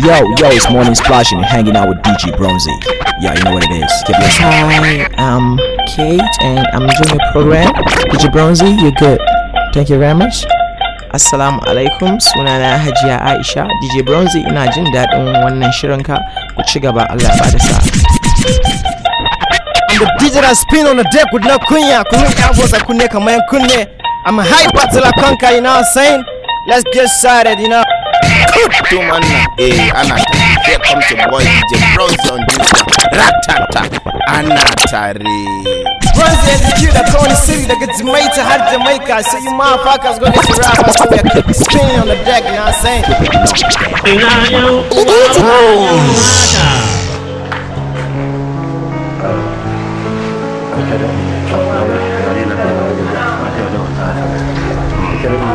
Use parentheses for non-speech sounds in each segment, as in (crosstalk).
Yo, yo, it's Morning Splash and hanging out with DJ Bronzy. Yeah, you know what it is. Keep listening. Hi, I'm Kate and I'm doing a program. DJ Bronzy, you're good. Thank you very much. Assalamu alaikum sunana Hajiya Aisha DJ Bronzy ina that one wannan shirinka ku ci gaba Allah ba I'm The digital spin on the deck with no kunya I was a kunne kamar kunne I'm a hyper till I conquer you know what I'm saying let's get started you know Two man eh, Here comes your boy DJ Bronze on this one. Ratata, anatari. Bronze is the kid the city that gets made to hard Jamaica. So you motherfuckers gonna get your rap keep spinning on the deck, you know what I'm saying?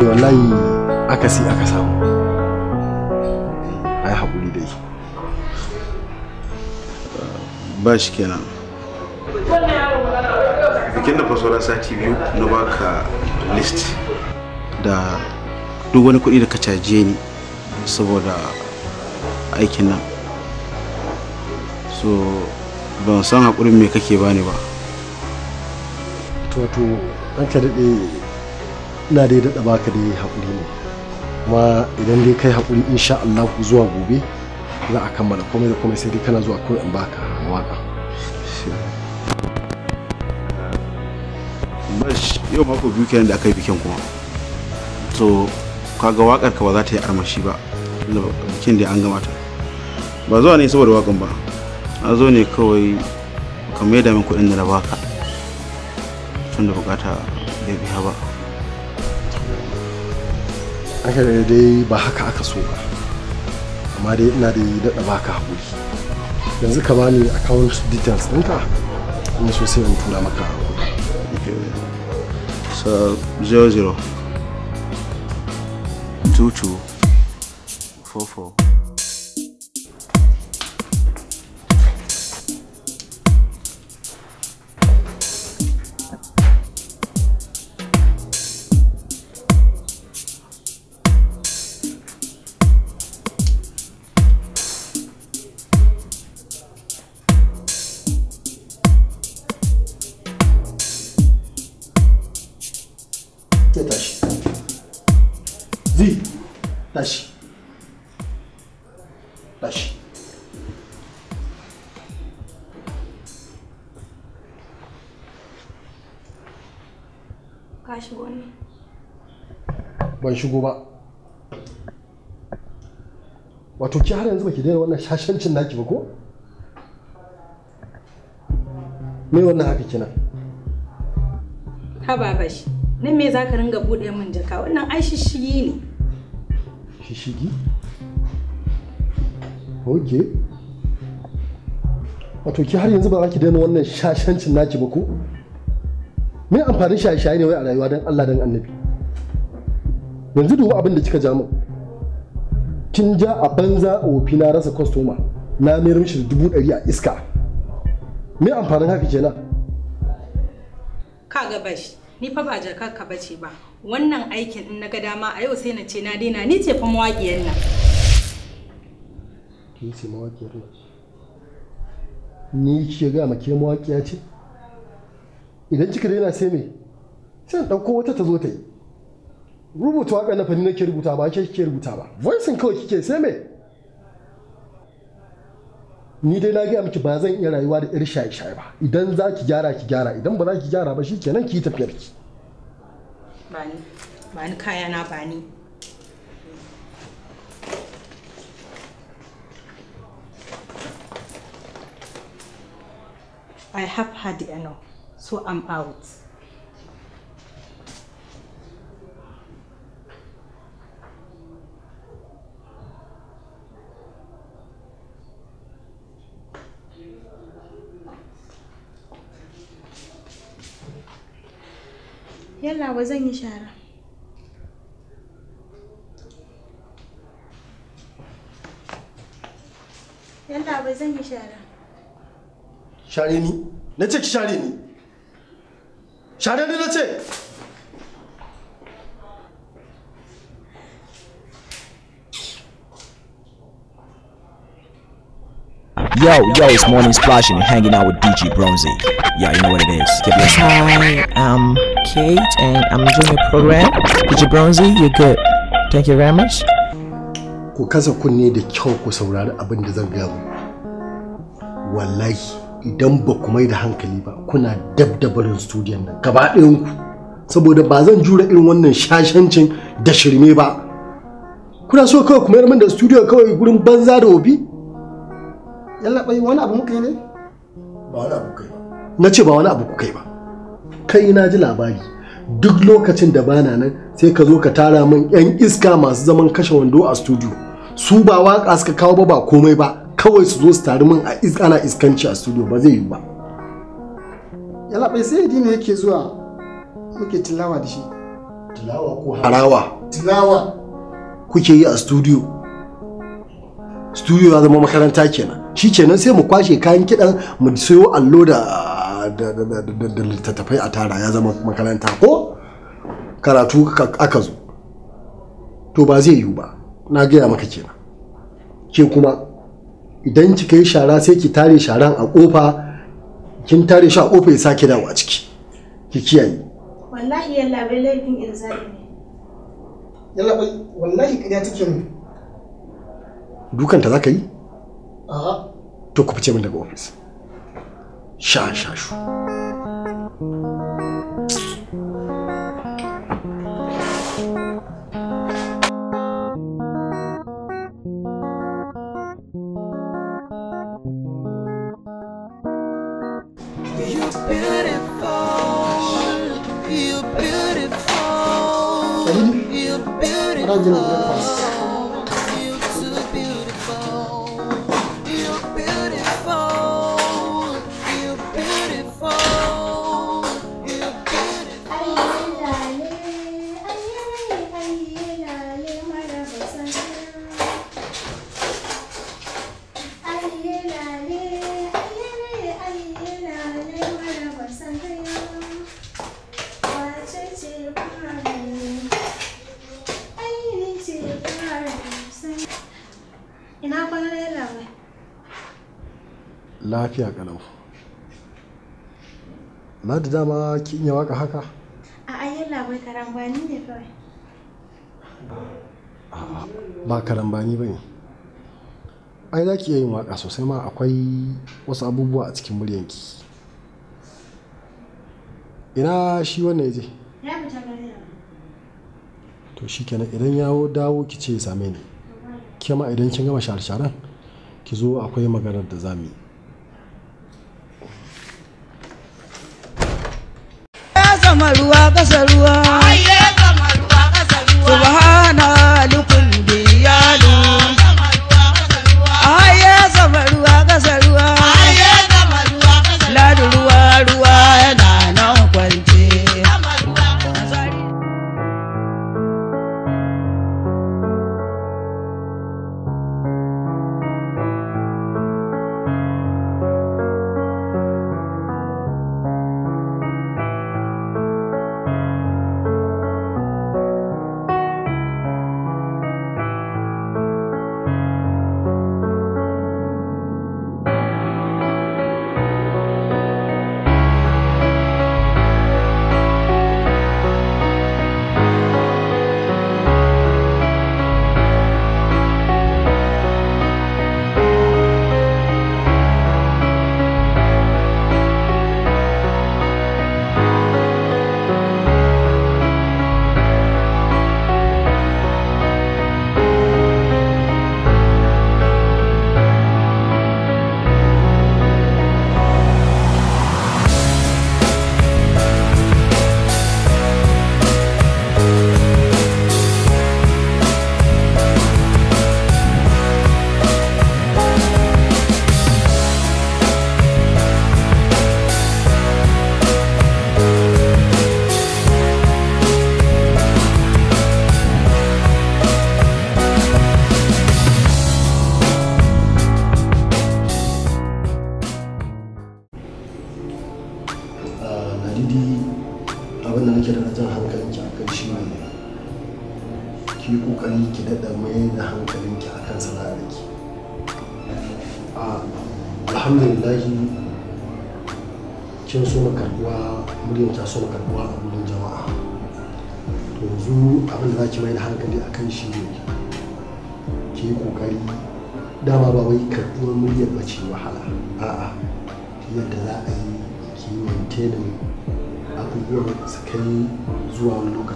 Bronze. Wallahi akasi aka ba shi kenan bikin da fasola sati biyu na baka list da duk wani kuɗi da ka caje ni saboda aikin nan so ban san haƙurin me kake bani ba to to an ka daɗe ina dai daɗa baka dai haƙuri ne kuma idan dai kai haƙuri insha Allah zuwa gobe za a kammala komai da komai sai dai kana zuwa kawai in baka waka bash yau mako biyu kenan da aka yi bikin kuma to kaga wakar ka ba za ta yi armashi ba bikin da an gama ta ba zuwa ne saboda wakan ba a zo ne kawai ka mai min kuɗin da na baka tun da bukata bai biya ba aka dai ba haka aka so ba amma dai ina da daɗa baka haƙuri yanzu ka bani account details ɗinka kuma so sai in tura maka sa 00 22 44 shigo ba wato ki har yanzu baki daina wannan shashancin naki ba ko me wannan haka kina baba shi nan me zaka ringa bude min jaka wannan ai shishigi ne shishigi oke wato ki har yanzu ba za ki daina wannan shashancin naki ba ko me amfanin shaye-shaye ne wai a rayuwa don Allah don annabi yanzu duba abin da kika ja min kin ja a banza a na rasa kwastoma na mayar mishi da dubu ɗari a iska me amfanin haka kenan kaga bashi ni fa ba jakarka ba ce ba wannan aikin in na ga dama a yau sai na ce na daina ni ce fa mawaƙiyar nan ni ce mawaƙiyar nan ni ce ga make mawaƙiya ce idan kika daina sai me sai ɗauko wata ta zo ta yi rubuta waƙar na fani nake rubuta ba ke kike rubuta ba voicing kawai kike sai me ni dai na gaya miki ba zan iya rayuwa da irin shaye-shaye ba idan za ki gyara ki gyara idan ba za ki gyara ba shikenan ki yi tafiyar ki bani kaya na ni. I have had enough, so I'm out. Yalla ba zan yi shara. Yalla ba zan yi shara. Share ni? Na ce ki share ni. Share ni na ce. Yo, yo, it's Morning Splash and you're hanging out with DJ Bronzy. Yeah, you know what it is. Keep listening. Hi, I'm Kate and I'm doing a program. DJ Bronzy, you're good. Thank you very much. Ku kasa kunne da kyau ku saurari abin da zan gaya Wallahi idan ba ku mai da hankali ba kuna dabdabarin studiyon nan gaba ku saboda ba zan jura irin wannan shashancin da shirme ba. Kuna so kawai ku mayar min da studio kawai gurin banza da obi? yallaɓai wani abu muka yi ne ba wani abu kai ba na ce ba wani abu ku kai ba kai na ji labari duk lokacin da bana nan sai ka zo ka tara min yan iska masu zaman kashe wando a studio su ba waka suka kawo ba ba komai ba kawai su zo su tari min a iska ana iskanci a studio ba zai yi ba yallaɓai sai ne yake zuwa muke tilawa da shi tilawa ko harawa tilawa kuke yi a studio studio ya zama makaranta kenan shi shikenan sai mu kwashe kayan kidan mu sayo allo da littattafai a tara ya zama makaranta ko karatu aka zo to ba zai yiwu ba na gaya maka kenan ke kuma idan kika yi shara sai ki tare sharan a kofa kin tare shi a kofa ya sake dawo a ciki ki kiyaye wallahi yalla bai laifin irzai ne yalla bai wallahi kida take mu dukan ta zaka yi to ku fice min daga ofis sha sha shu You're beautiful. You're beautiful. ba da dama ki iya waka haka a ayyar labai karambani ne kawai ba karambani ba ne ai za ki iya yin waka sosai ma akwai wasu abubuwa a cikin muryanki ina shi wannan ya je ya fita to shi kenan idan ya dawo ki ce same ni kema idan kin gama share-sharen ki zo akwai maganar da za mu yi ruwa ƙasa ruwa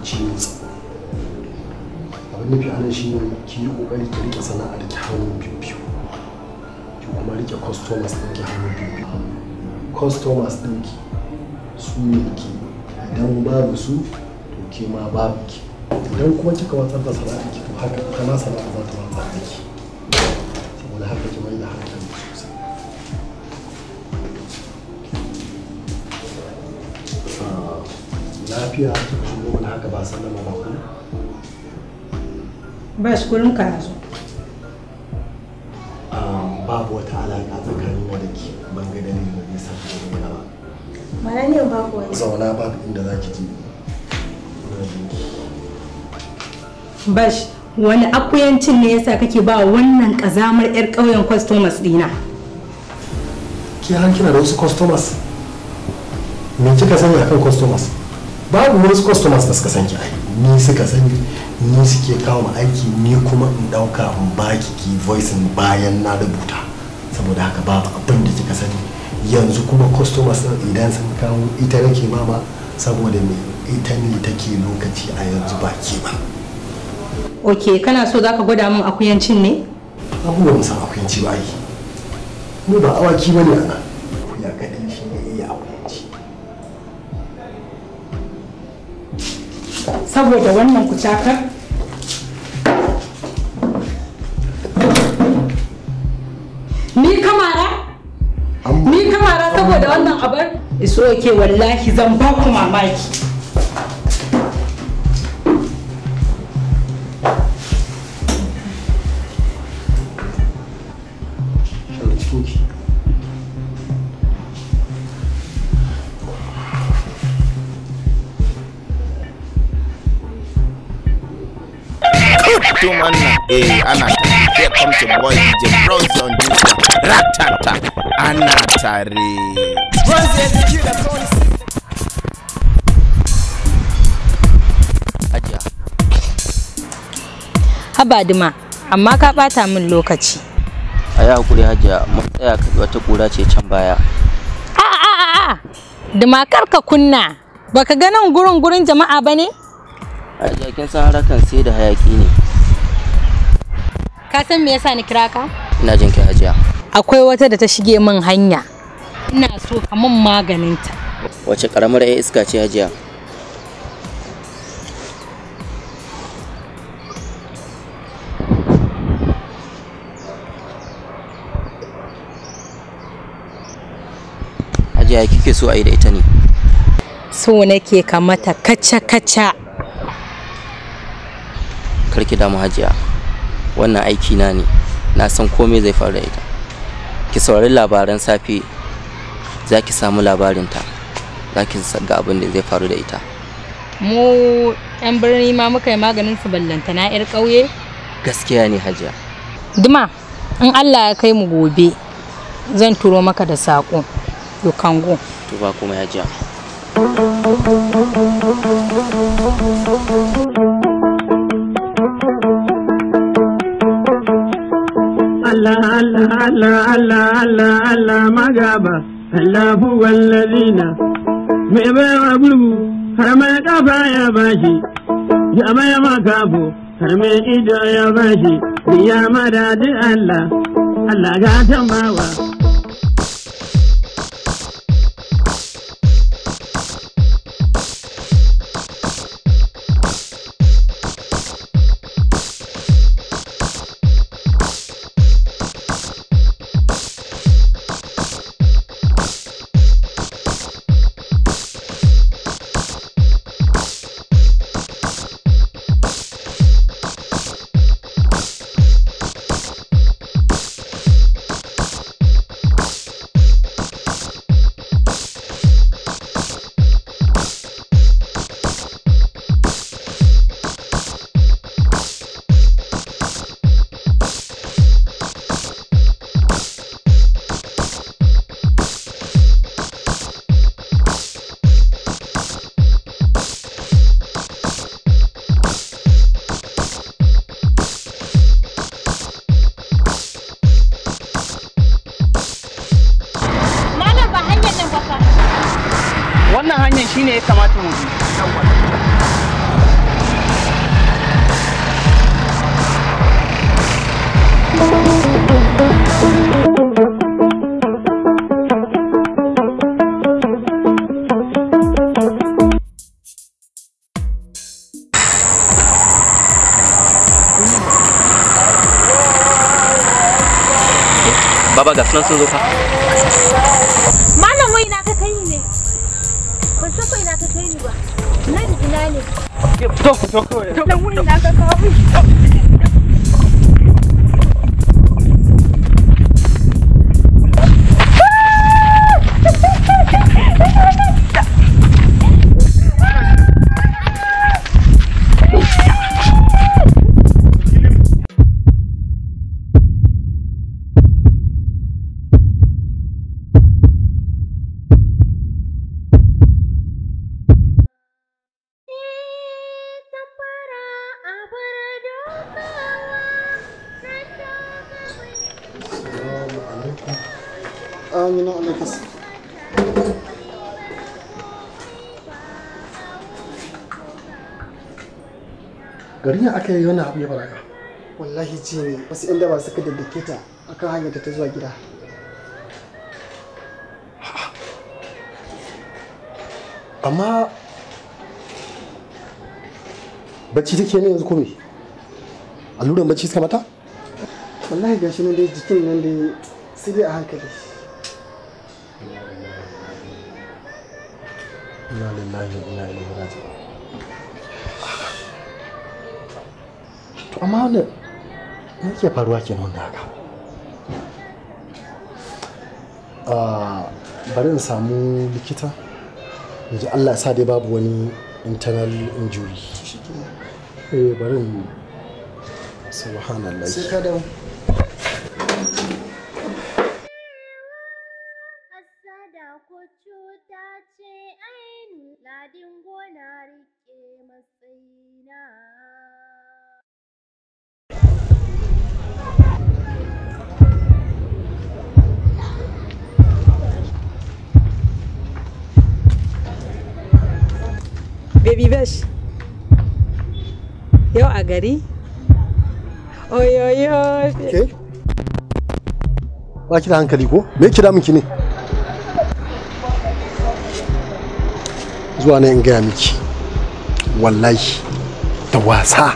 ciwon tsaro abin nufi anan shi ne ki yi ƙoƙari ki rike sana'ar ki hannu biyu ki kuma rike customers ɗin ki hannu biyu customers ɗin ki su ne ki idan babu su to ke ma babu ki idan kuma kika watsar da sana'ar ki to haka kana sana'ar za ta watsar da ki saboda haka ki mai da hankali lafiya bas kullum babu wata alaƙa tsakanin da ke ban da mana ba mana wani zauna inda za ki je bash wani akuyancin ne yasa kake ba wannan kazamar yar ƙauyen customers dina ki hankina da wasu customers me kika sani akan customers babu wasu customers da suka sanki ai ni suka sani ni suke kawo ma aiki ni kuma in dauka in baki ki voice bayan na rubuta saboda haka babu abin da kika sani yanzu kuma customers idan sun kawo ita nake ba saboda me ita ne take lokaci a yanzu ba ke ba ok kana so zaka gwada min akuyancin ne abubuwan san akuyanci ba yi mu ba awaki bane a nan akuya kaɗai saboda wannan kucakar ni kamara ni kamara saboda wannan abar iso ke wallahi zan ba ku mamaki eh ana here comes your boy DJ Bronze on this one ratata ana tare Bronze execute the Haba duma, amma ka bata min lokaci. A yi haƙuri hajiya, mun tsaya ka wata ƙura ce can baya. A a a a, duma kar ka kunna, baka ga nan gurin gurin jama'a ba ne? Hajiya kin san harakan sai da hayaki ne. Ka san me yasa ni kira ka? Ina jin ki hajiya. Akwai wata da ta shige min hanya. Ina so ka min maganinta. Wace karamar ya iska ce hajiya? Hajiya kike so a yi da ita ne? So nake kamata kaca-kaca. Karki damu hajiya. wannan aiki na ne na san komai zai faru ita ki saurari labaran safe za ki samu labarinta za ki ga abin da zai faru da ita mu yan birni ma muka yi maganin su ballanta na yar ƙauye gaskiya ne hajiya duma in allah ya kai mu gobe zan turo maka da saƙo you go to ba kuma hajiya ala ala ala ala ma ga ba ala kowanne ni na me yaba ya ma buluku kada me ya ba ya ma kabu kada me iya ya ba shi ya ma da de ala ala hanyar ne ya kamata mu Baba ga sunan sun zo fa. 那 (laughs) 屋里哪个搞？عاملين على الكسر gari ya aka yi wani abu ya baraka wallahi ji ne wasu yan daba suka daddake ta akan hanyar ta zuwa gida amma bacci take ne yanzu kome alluran bacci suka mata wallahi gashi nan dai jikin nan dai sai dai a hankali lillahi wa inna ilaihi amma wanda ke faruwa kenan da haka ah, bari in samu likita ji Allah sa dai babu wani internal injury eh bari subhanallah sai ka dawo yau a gari oyoyo ke ba ki hankali ko me kira miki ne zuwa ne in gaya miki wallahi da wasa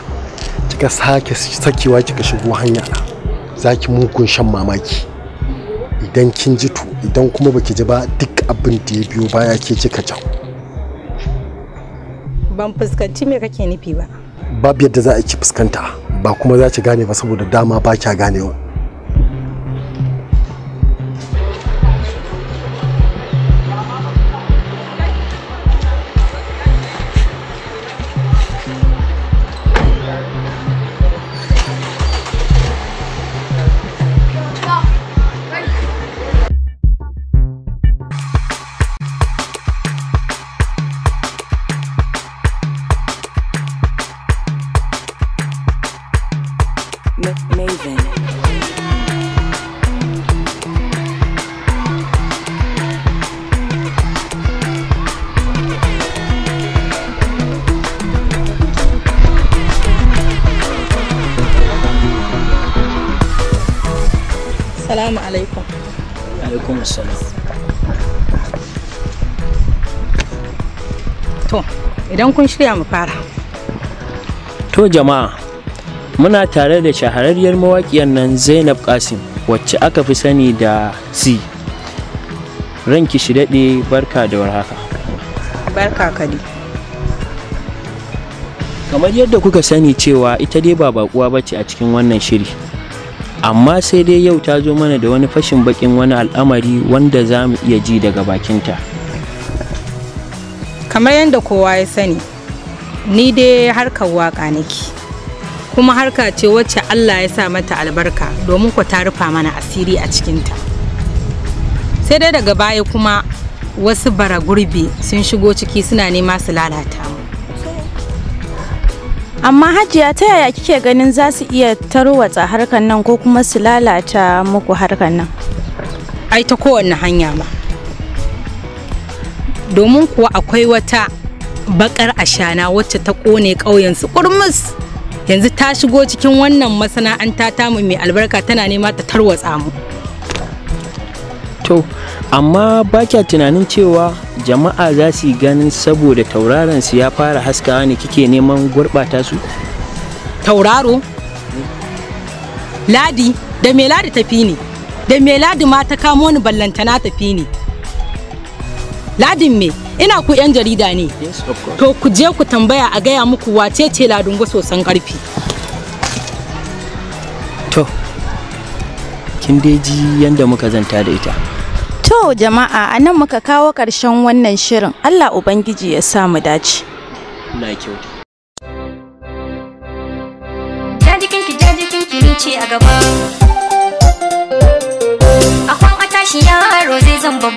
kika sake sakewa kika shigo hanya na zaki mugun shan mamaki idan kin ji to idan kuma baki ji ba duk abin da ya biyo baya ke kika jawo ban fuskanci me kake nufi ba babu yadda za a ci fuskanta ba kuma za ki gane ba saboda dama ba kya ganewa Maven. alaikum. Alaikum To, idan kun shirya mu fara. To jama'a, muna tare da shahararriyar mawaƙiyar nan zainab kasim wacce aka fi sani da c ranki shi daɗe barka da warhaka barka kadi kamar yadda kuka sani cewa ita dai ba bakuwa ba ce a cikin wannan shiri amma sai dai yau ta zo mana da wani fashin bakin wani al'amari wanda za mu iya ji daga bakinta kamar yadda kowa ya sani ni dai harkar waka nake kuma harka ce wacce Allah ya sa mata albarka domin ku ta rufa mana asiri a cikinta sai dai daga baya kuma wasu bara gurbi sun shigo ciki suna nema su lalata mu amma hajiya ta yaya kike ganin za su iya tarwatsa harkan nan ko kuma su lalata muku harkan nan ai ta kowanne hanya ma domin kuwa akwai wata bakar ashana wacce ta kone ƙauyensu, su kurmus yanzu ta shigo cikin wannan masana'anta tamu mai albarka tana nema ta tarwatsa mu to amma ba kya tunanin cewa jama'a za su yi ganin saboda tauraron su ya fara haskawa ne kike neman gurɓata su tauraro ladi da me ladi tafi ne da me ladi ma ta kamo ni ballantana tafi ne ladin me ina ku yan jarida ne to ku je ku tambaya a gaya muku wace ce ladungo sosan karfi to kin ji yanda muka zanta da ita to jama'a a nan muka kawo ƙarshen wannan shirin allah ubangiji ya sa mu dace a gaba a kwan a tashi yaro zai zamba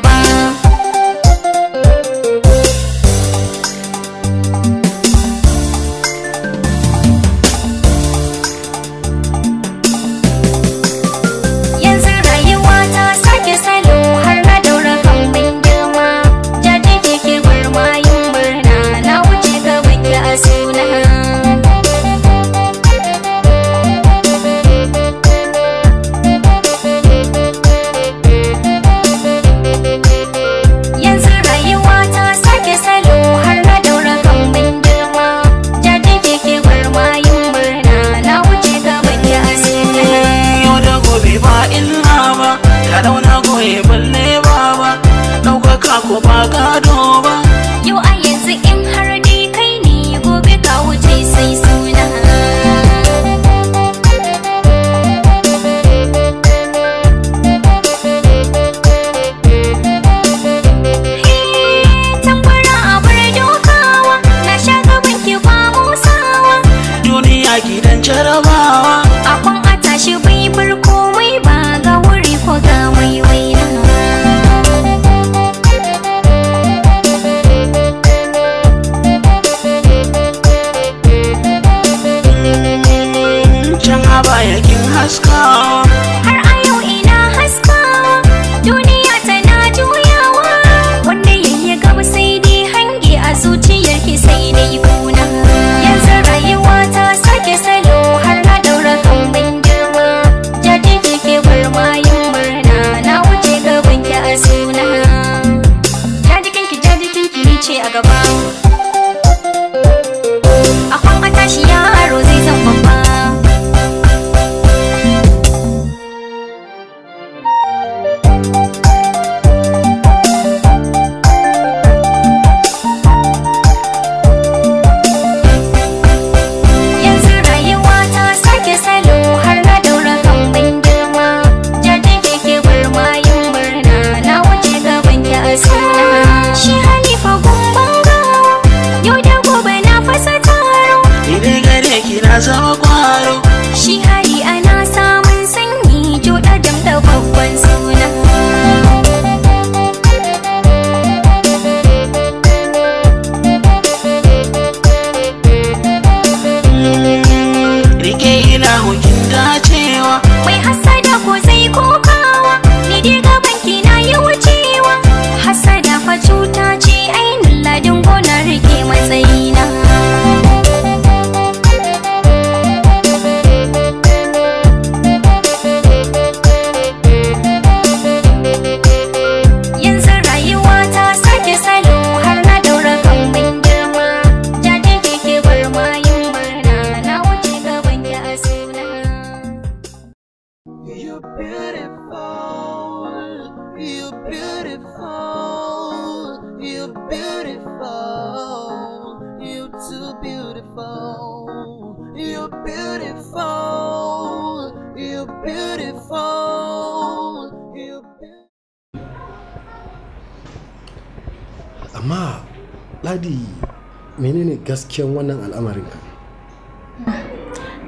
menene gaskiyan wannan al'amarin ka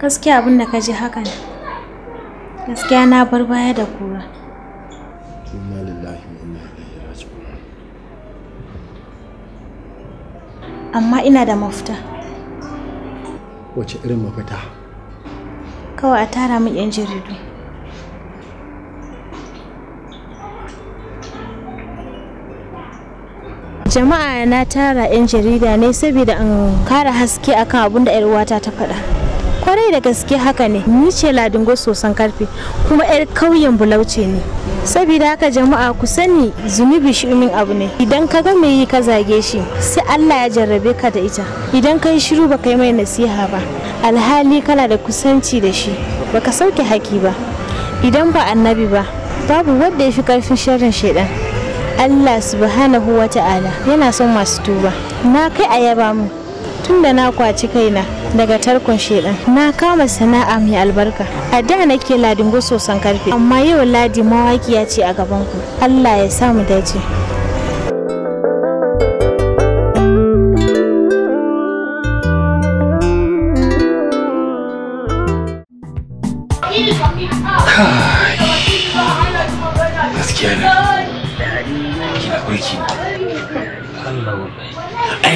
gaskiya abin da ka ji hakan gaskiya na bar baya da kura inna lillahi wa inna ilaihi raji'un amma ina da mafita wace irin mafita kawai a tara min yan jaridu jama'a na tara 'yan jarida ne saboda an kara haske akan abun da 'yar uwata ta faɗa kwarai da gaske haka ne ni ce ladingo sosan karfe kuma 'yar kauyen bulauce ne saboda haka jama'a ku sani zunubi shi'umin abu ne idan ka ga mai yi ka zage shi sai allah ya jarrabe ka da ita idan ka yi shiru ba ka yi mai nasiha ba alhali kana da kusanci da shi baka sauke haki ba idan ba annabi ba babu wanda ya fi karfin sharrin shaidan Allah subhanahu wa ta'ala yana son masu tuba na kai a yaba mu da na kwaci kaina daga tarkon shedan na kama sana'a mai albarka a da nake ladin sosan karfe amma yau ladi mawaƙiya ce a gabanku. Allah ya samu mu dace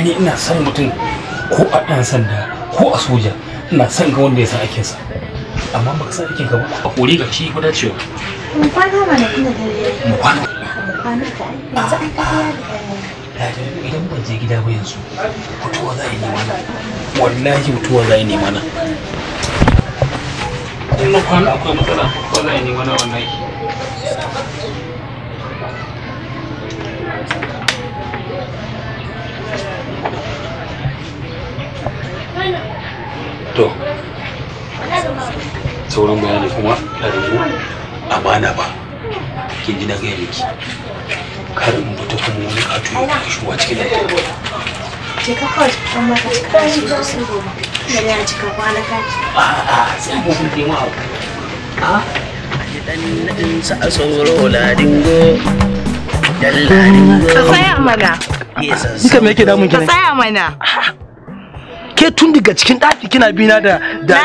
ni ina son mutum ko a ɗan sanda ko a soja ina son ga wanda ya san aikinsa amma baka san aikinka ba a kori ga shi ko dacewa mu kwana mana kuna da mu kwana yanzu an ka idan ban je gida ba yanzu mutuwa za a yi mana wallahi mutuwa za a yi mana in na kwana akwai matsala ko za a yi mana wallahi sauran bayani kuma a amana ba kin ji na gaya miki kar in mutu kuma wani kato ya kai shuwa cikin da je ka kawai cikin maka cikin kashi sosai goma da ya cika kwana a sai kun a mana ka tsaya mana ke tun daga cikin ɗaki kina bi na da da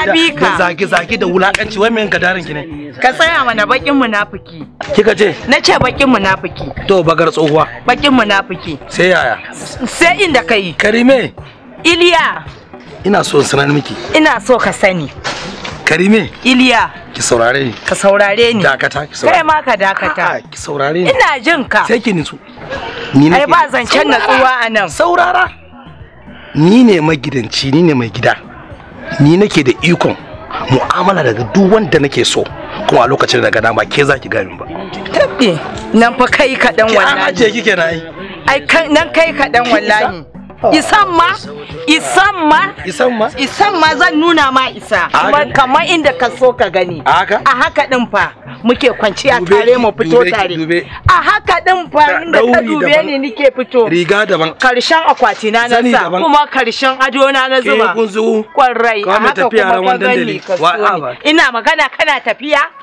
zage zage da wulakanci wai men gadarin ki ne ka tsaya mana bakin munafiki kika ce na ce bakin munafiki to bagar tsohuwa bakin munafiki sai yaya sai inda kai karime iliya ina so sanar miki ina so ka sani Karime. Iliya. Ki saurare ni. Ka saurare ni. Dakata ki saurare. Kai ma ka dakata. Ki saurare ni. Ina jin ka. Sai ki nitsu. Ni ne. Ai ba zancen natsuwa anan Saurara. ni ne magidanci ni ne mai gida ni nake da ikon mu'amala daga duk wanda nake so kuma a lokacin da daga ba ke za ki gani ba tabbe nan fa kai kaɗan wallahi ai nan kai kaɗan wallahi isan ma isan ma isan ma isan ma zan nuna ma isa kamar inda ka so ka gani a haka din fa muke kwanciya tare mu fito tare a haka din fa inda ka dube ni nike fito riga daban karshen akwati na na sa kuma karshen ado na na zuba kwarai a haka kuma ka gani ina magana kana tafiya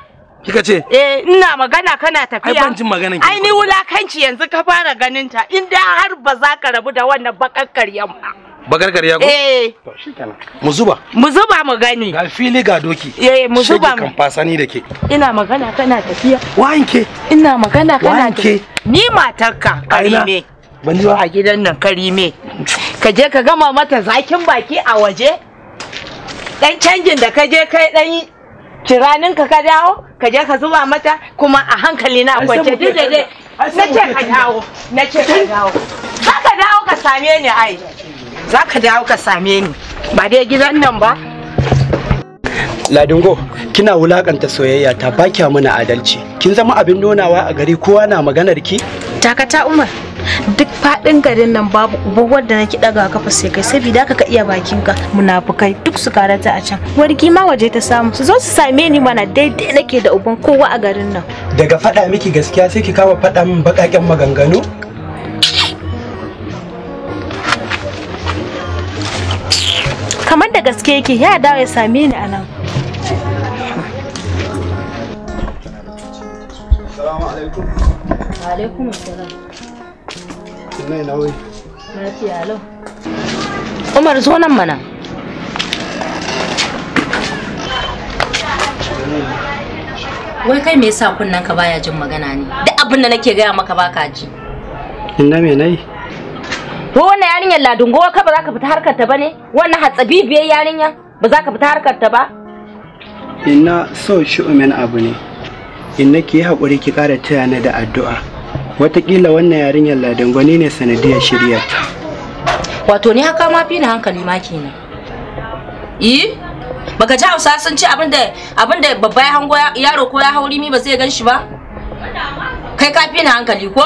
Kika ce? Eh, ina magana kana tafiya. Ai ban jin maganar ki. Ai ni wulakanci yanzu ka fara ganin ta. In da har ba za ka rabu da wannan bakakkar yamma. Bagargar yago? Eh. To shikenan. Mu zuba. Mu zuba mu gani. Ga fili ga doki. Eh, mu zuba. Shege kan fasani da ke. Ina magana kana tafiya. Wanke. Ina magana kana tafiya. Ni matarka Karime. Ban ji ba. A gidan nan Karime. Ka je ka gama mata zakin baki a waje. Dan canjin da ka je kai dan kiranin ka ka dawo ka je ka zuba mata kuma a hankali na kwance duk da dai na ce ka dawo na ce ka dawo za ka dawo ka same ni ai za ka dawo ka same ni ba dai gidan nan ba Ladingo, kina wulakanta soyayya ta bakya mana adalci. Kin zama abin nonawa a gari kowa na maganar ki? Takata Umar, duk faɗin garin nan babu uba wanda nake daga kafa sai kai saboda haka ka iya bakin ka munafukai duk su karata a can wargi ma waje ta samu su zo su same ni mana daidai nake da uban kowa a garin nan daga faɗa miki gaskiya sai ki kama faɗa min baƙaƙen maganganu kamar da gaske yake ya dawo ya same ni a nan Assalamu alaikum. alaikum assalam. Umar zo nan mana. Wai kai me yasa kunnen ka baya jin magana ne? Duk abin da nake gaya maka baka ji. Inna me nayi? Ko wannan yarinyar ladungowa ka ba za ka fita harkar ta bane? Wannan hatsabibiyar yarinya ba za ka fita harkar ta ba? Inna so shi umen abu ne. Inna ki haƙuri ki ƙara tayana da addu'a. watakila wannan yarinyar ladangwani ne sanadiyar shirya wato ni haka ma fi na hankali ma kenan yi baka ji hausa sun ci abinda abinda babba ya hango yaro ko ya hauri mi ba zai gan shi ba kai ka fi na hankali ko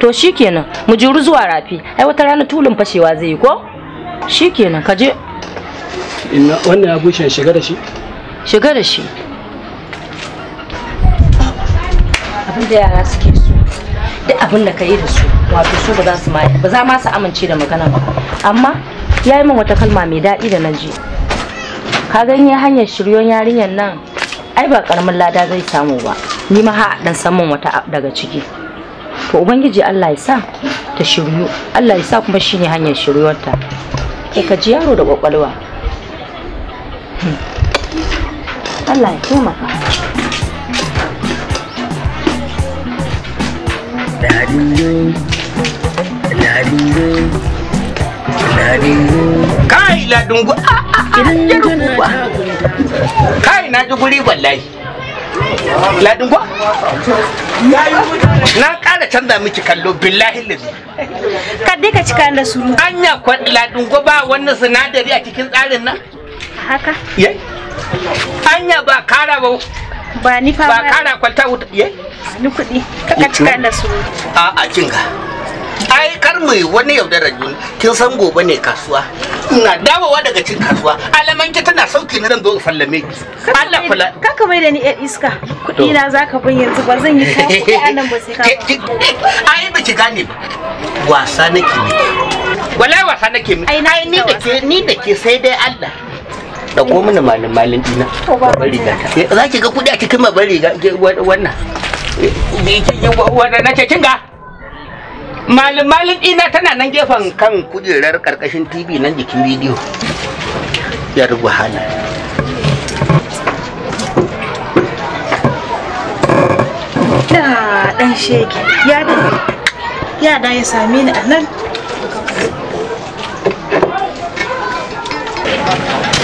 to shikenan mu juru zuwa rafi ai wata rana tulun fashewa zai yi ko shikenan ka je inna wannan ya bushe shiga da shi shiga da shi abinda yara suke so duk abin da ka yi da su wato su ba za su ma ba za ma su amince da magana ba amma ya yi min wata kalma mai daɗi da na ji ka ganye hanyar shiryon yarinyar nan ai ba karamin lada zai samu ba ni ma ha dan samun wata daga ciki to ubangiji Allah ya sa ta shiryu Allah ya sa kuma shine hanyar shiryonta kai ka ji yaro da kwakwalwa hmm. Allah ya taimaka kai ladungu ah, ah, ah, kai na ji guri wallahi ladungu na kara canza miki kallo billahi lazi ka dika cika da suru anya kwa ladungu ba wannan sinadari a cikin tsarin nan haka anya ba kara ba ba ni fa ba kara kwalta wuta ye ni kuɗi kaka cika da su a a kinga ai kar mu wani yaudarar juna kin san gobe ne kasuwa ina dawowa daga cin kasuwa alaman ki tana sauki na zan zo in sallame Allah kula kaka mai da ni yar iska kuɗi na zaka bin yanzu ba zan yi ka kuɗi nan ba sai ka (laughs) ai ba ki gane ba wasa nake miki wallahi wasa nake miki ai ni da ke ni da ke sai dai Allah ɗauko mana malin malin dina babban riga ta eh, za ki ga kuɗi a cikin babban riga wannan eh, eh, wadda na cikin ga malin malin dina tana nan gefen kan kujerar karkashin tv nan jikin bidiyo ya rubu hana da ɗan shege ya da ya sami ni a nan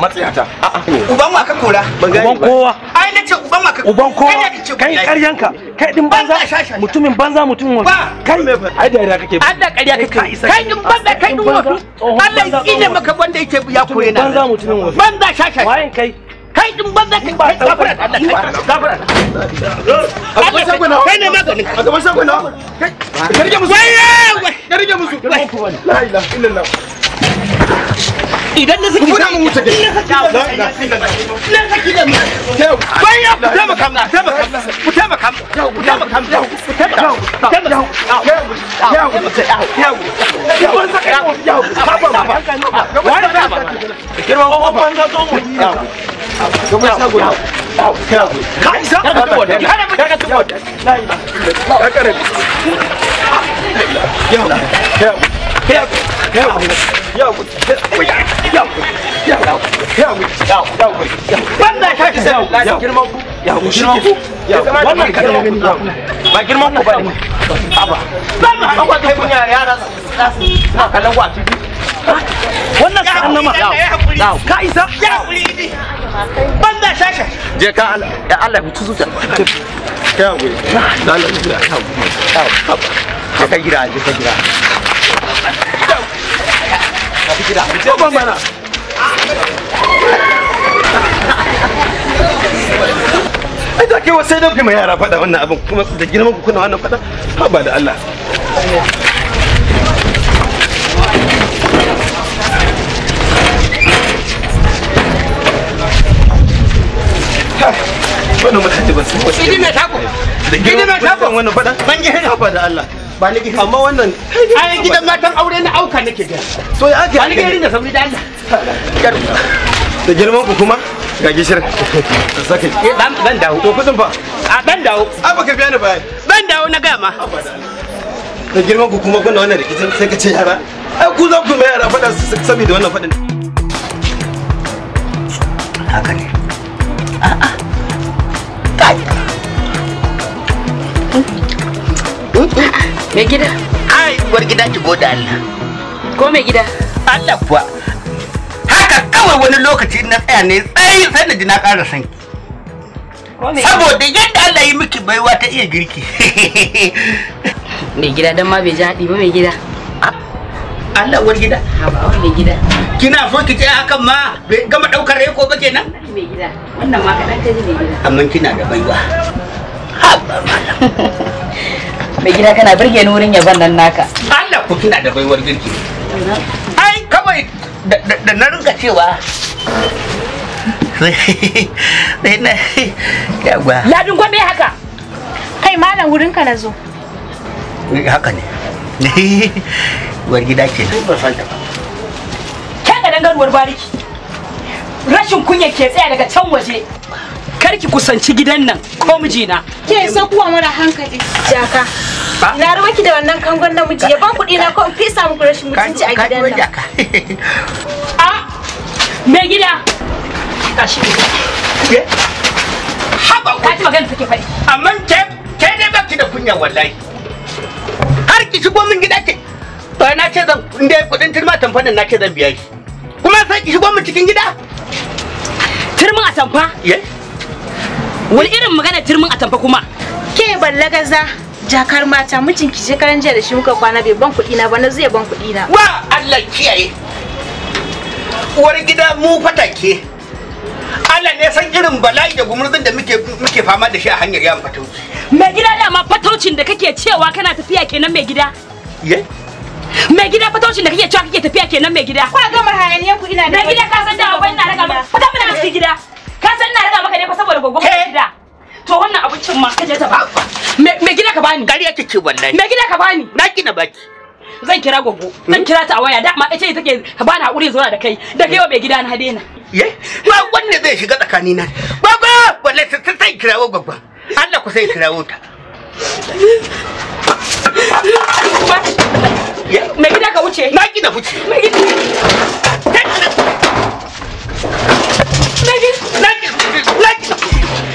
matsayata uban ma ka kora uban kowa ai nace uban ma ka uban kowa kai karyanka kai din banza mutumin banza mutumin wani kai ai da yarda kake Allah ƙarya kake kai din banza kai din wani Allah ya kine maka wanda yake ya kore na banza mutumin wani banza shasha wayin kai kai din banza kai kai gafara gafara kai ne magani a gaban shagona kai ka rike musu ka rike musu la ilaha illallah idan na saki zai wuce ke na saki da mu baya ku taimaka mu taimaka ku taimaka mu ku taimaka mu ku taimaka mu ku taimaka mu Yeah. wannan ta ki sai lafi girman ku girman ku ku ku ya ku ya ya ya ya tafi gida ban mana ai yara faɗa wannan abin kuma da girman ku kuna wannan faɗa ha ba da Allah wannan mutane ba su wasu gidi mai tako gidi mai tako wannan faɗa ban yi hana ba da Allah ba ni gidan amma wannan ai gidan matan aure na auka nake ga so ya ake ba ni da da Allah da girman ku kuma ga gishirin saka ke eh, dan dan dawo to kudin fa a dan dawo a ah, baka biya ni dan dawo na gama da girman kuma ka ce yara ai ku ku mai yara fada saboda wannan fadin haka ne a'a kai Me gida? Ai, uwar gida ki goda Allah. Ko me gida? Allah kuwa. Haka kawai wani lokaci na tsaya ne tsayi sai na ji na ƙara san ki. Saboda yadda Allah yi miki baiwa ta iya girki. Me gida dan ma bai ji haɗi ba me gida. Ah, Allah uwar gida. Haba mai gida. Kina so ki tsaya hakan ma bai gama ɗaukar ko ba kenan? Me gida. Wannan ma kaɗan ta ji me gida. Amma kina da baiwa. Haba malam. (laughs) mai gida kana birge ni wurin yaban nan naka Allah ku kina da baiwar birki ai kawai da na rinka cewa sai na yawa ladin gwamnati haka kai malam wurin ka na zo haka ne war gida ke ka da dangarwar bariki rashin kunya ke tsaya daga can waje karki kusanci gidan nan ko mijina ke sakuwa mara hankali jaka Ina ruwa ki da wannan kangon namiji ya ban kuɗi na ko in fesa muku rashin mutunci a gidan nan. A ah, me gida. Ka shi ne. Haba ka ji magana take faɗi. Amma ke ke ne ba ki da kunya wallahi. Har ki shigo min gida ke. Ba na ce zan inda kuɗin turma tamfanin na ce zan biya shi. Kuma sai ki shigo min cikin gida. Turmin atamfa? Wani irin magana turmin atamfa kuma? Ke ballagaza. jakar mata mijin ki karan jiya da shi muka kwana bai ban kuɗi na ba na zai ban kuɗi na wa Allah kiyaye uwar gida mu fatake Allah ne san irin bala'i da gumurzun da muke muke fama da shi a hanyar yawan fatauci mai gida da ma fataucin da kake cewa kana tafiya kenan mai gida ye mai gida fataucin da kake cewa kake tafiya kenan mai gida kuna gamar hayaniyan ku ina da mai gida ka san da wannan raga maka fata mana gida ka san na raka maka ne fa saboda gogon gida to wannan abincin ma kaje ta ba me gida ka bani gari yake wallahi me gida ka bani na kina baki zan kira gogo zan kira ta a waya dama ita take ka bani hakuri zuwa da kai da kai wa gida na daina ye ba zai shiga tsakani na baba wallahi sai sai Allah ku sai me gida ka wuce na kina wuce me gida